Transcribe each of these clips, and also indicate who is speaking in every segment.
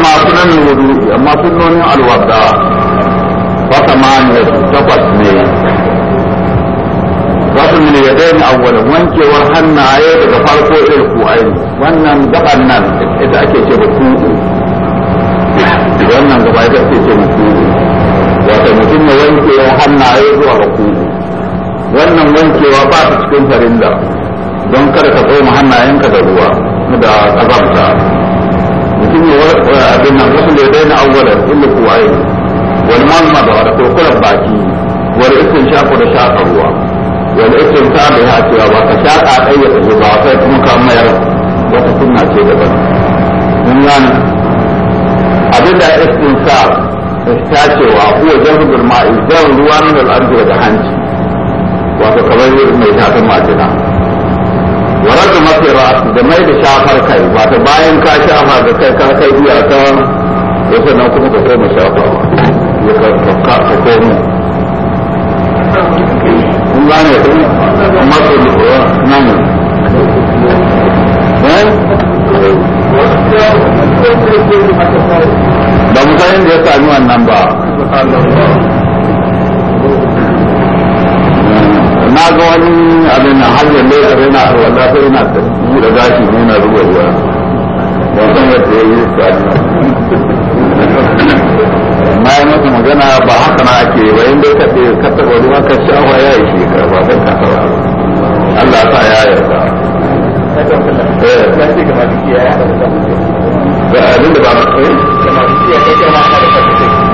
Speaker 1: amma sunan wudu amma sunnonin alwada wa tamaniya takwas ne wasu ya yadayn awwal wankewar hannaye daga farko irin kuwai wannan gaban nan ita ake ce da kuɗi wannan gaba ita ake ce da ku wato mutum ya wanke hannaye zuwa ga kuɗi wannan wankewa ba ta cikin da don kada ka tsoma hannayenka da ruwa da kazanta abin nan wasu da daina awwalar illa kuwa yi wani malmada da kurkurar baki wani ikin shafa da shafa ruwa wani ikin ta da ya cewa ba ka shafa ɗai ya tafi ba sai kuma ka mayar wata sunna ce daban mun gane abin da ikin sa ta cewa kuwa jahudul ma'i zan ruwa nan al'adu daga hanci wato kamar mai shafin majina wa da mafi da mai da shafar kai wato bayan ka shafa da kai ka kai biya ta ya sannan kuma ka koma shafa ya ka ka koma kun gane ku mafi nan eh? ba mu san yadda ya sami wannan ba na ga wani abin na hanyar da rena a wanda sai yana da da gashi ne na ruwa ruwa ba san yadda ya yi tsari na yi masa magana ba haka na ake ba ka taɓa ruwa ka shawa ya yi ba ka taɓa Allah ya yarda eh. abin da ba mu kai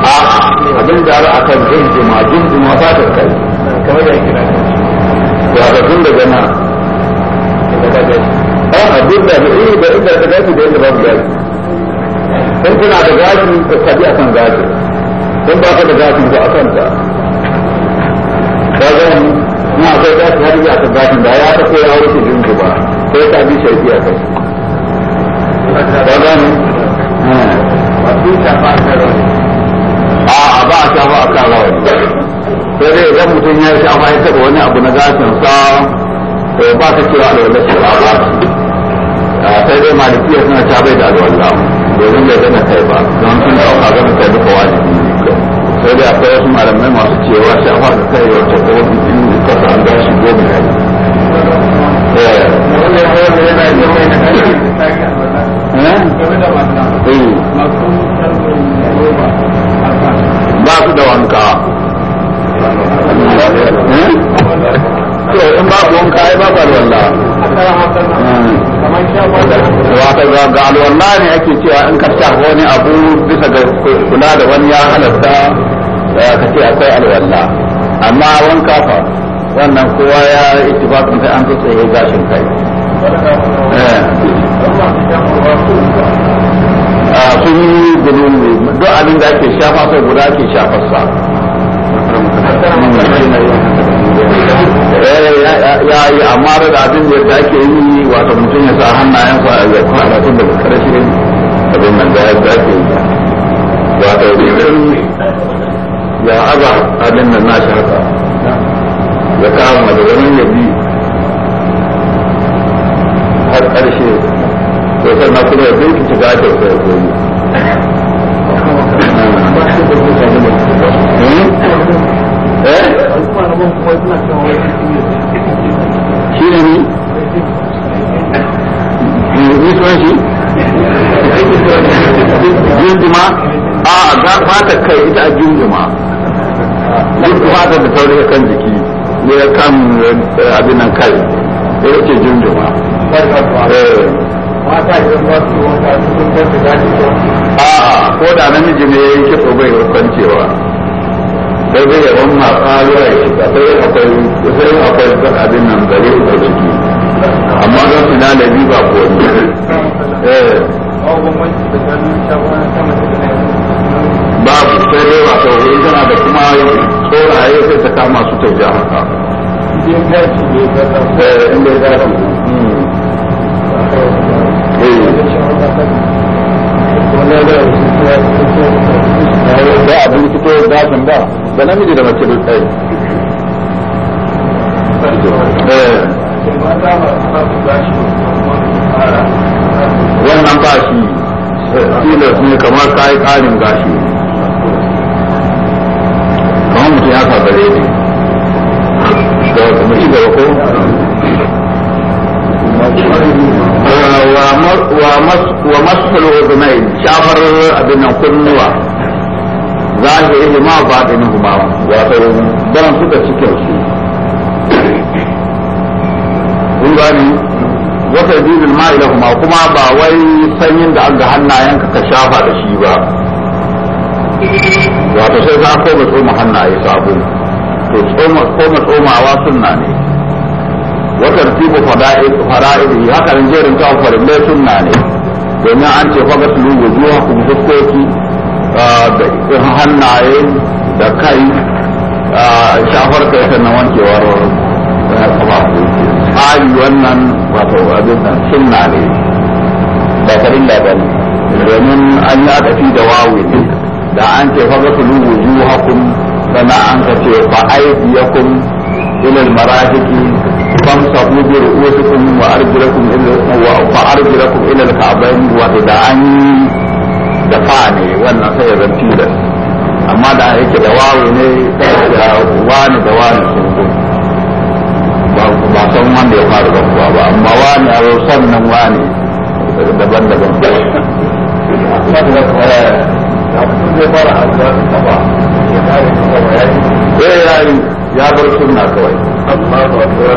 Speaker 1: a abin da a kan jinjima jinjima ba ta kai kamar da yake na duk da eh da inda ka gashi da inda babu gashi in kuna da gashi ka kabi akan gashi in ba ka da gashi ba akan ta kaga na akwai gashi har ya ka gashi da ya ta ya wuce jinji ba sai ka bi shaifi a kai kaga ni a ba a shafa a kan rawani sai dai idan mutum ya shafa ya taɓa wani abu na gashin sa ba ta cewa da wani shi အဲဒီမှာပြည့်စုံချပေးတာတော့လောက် ga alwallah ne ake cewa in ka shafa wani abu bisa ga kula da wani ya halatta eh, ka ce akwai alwallah amma wanka fa wannan kowa ya ittifaqin sai an tsaye gashin kai eh. a ah, sun yi gudun ne duk abin da ake shafa sai guda ke shafarsa eh, ya yi amma da abin da ake yi wata mutum ya sa hannayensa a amma na tun daga karshe abin nan da ya zafi ba da wuri ya aza abin nan nashi haka ya kama da wani yabi har karshe to sannan kuma ya bincika ta sosai sunan jinjima a ga fata kai ita a jinjima duk fata da tauri kan jiki ne kan eh, abin nan kai ya yake jinjima eh. a ko da namiji ne ya yi kitso bai rukwancewa sai zai yawan masu halura ya yi sai akwai kama su ta ja haka eh, hmm. eh, ba abin fito gashin ba da namiji da mace duk tsaye eh. wannan ba shi ne kamar kayi karin gashi siyasa ba zai da mu ci ko wa masul udunai shafar abin nan kunnuwa ma batin huma wato dan suka cikin su kun gani wata ma'ila kuma ba wai sanyin da an ga hannayenka ka shafa da shi ba wato sai za a koma tsoma hannaye sabu to koma tsomawa sunna ne watar tibu fara'idi haka nan jerin kawo farillai sunna ne domin an ce faga su lugu zuwa kuma fuskoki ah, da hannaye da kai ah, shafar kai sannan wankewar kafafu eh, yi wannan wato abin sunna ne da karin da ne domin an yi fi da wawe ne أنت فغسلوا وجوهكم كما أنت فأيديكم إلى المرافق فانصبوا برؤوسكم وأرجلكم إلى وأرجلكم إلى الكعبين وهدعني دفعني وأنا سيد الفيلة أما دعا هيك دواوي ني وان دواني سنقوم بعصم من يقارب أخوة أما واني أو سنن واني دبن دبن دبن دبن دبن ya yi ya bar sunna kawai